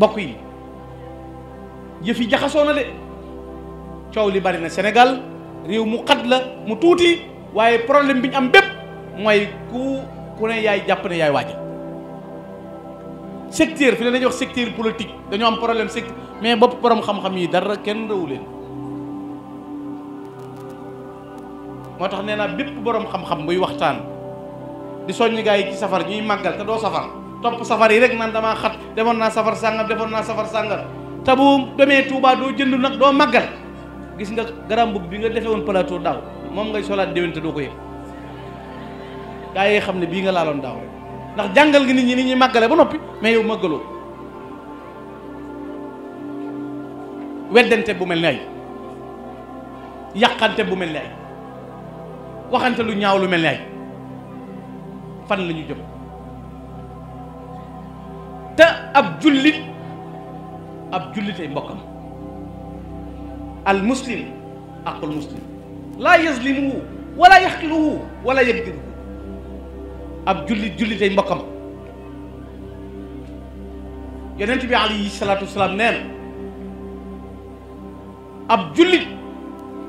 mbokk yi yëf yi jaxasoo na de coow li bari na Sénégal réew mu xat la mu tuuti waaye problème bi ñu am bépp mooy ku ku ne yaay jàpp ne yaay waaja secteur fi la wax secteur politique dañu am problème sect mais bopp borom xam-xam yi dara kenn rawu leen moo tax nee naa bépp borom xam-xam buy waxtaan di soññ gaa yi ci safar ñuy màggal te doo safar top safari rek nan dama xat demon na safar sangam defoon na safar sangam ta bu demé Touba do jënd nak do magal gis nga garam bu bi nga defee woon plateau daw mom ngay solat déwén do ko yëg gaay yi bi nga laaloon daw ndax jangal gi nit ñi nit ñi magalé ba nopi mais yow magalo weddante bu melni ay bu melni ay waxante lu ñaaw lu melni ay fan lañu jëm أبجلت أبجلت المكان المسلم أقل المسلم لا يظلمه ولا يحقره ولا يبدله أبجلت جلت المكان ينتبه عليه الصلاة والسلام نال أبجلت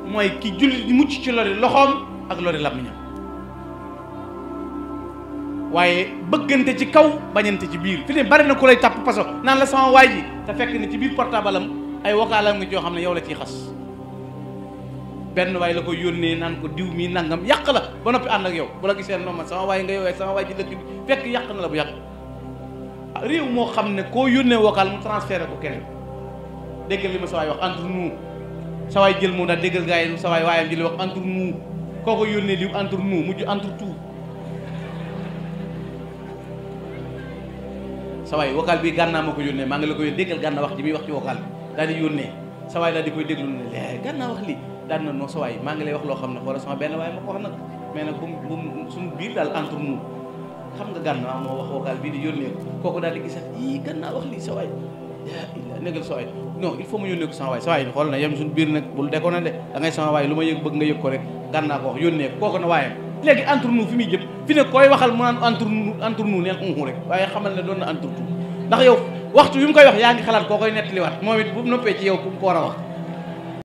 ما يكجلت مجتلر اللهم أغلر اللهم waaye bëggante ci kaw bañante ci biir fi bari na ko lay tàpp paso naan la sama waay ji te fekk ni ci biir portable ay wokaalam ngi joo xam ne yow la ciy xas benn waay la ko yónnee naan ko diw mii nangam yàq la ba noppi ànd ak yow bu la gisee noonu man sama waay nga yow sama waay ci dëkk bi fekk yàq na la bu yàq ah, réew moo xam ne koo yónnee vocal mu transféré ko keneen déggal li ma sa waay wax entre nous sa waay jël moom daal déggal gars yi sa waay waayam li wax entre nous koo ko yónnee liw entre mujj entre sa waay bii bi gànnaa ma ko yónnee maa ngi la ko yónnee déggal gànnaa wax ji muy wax ci vocal bi daal yónnee sa waay daal di koy déglu ne lee gànnaa wax na non sa waay maa ngi lay wax loo xam ne xoolal sama benn waaye ma ko wax nag mais nag bu gànnaa moo wax vocal bii di yónnee ko kooku daal di lii sa waay négal sa waay non il faut mu yónnee ko sama waay sa waay xool na yem suñu biir nag bul dekkoon na de da sama waay lu ma yëg bëgg nga yëg ko rek gànnaa ko wax yónnee kooku na waayam léegi entre nous fi muy jëm fi ne koy waxal mu naan entre nous ne nous neen rek waaye xamal ne doon na entre tout ndax yow waxtu wi mu ko wax yaa ngi xalaat koo koy nettaliwaat moom it bu noppee ci yow ku mu ko war a wax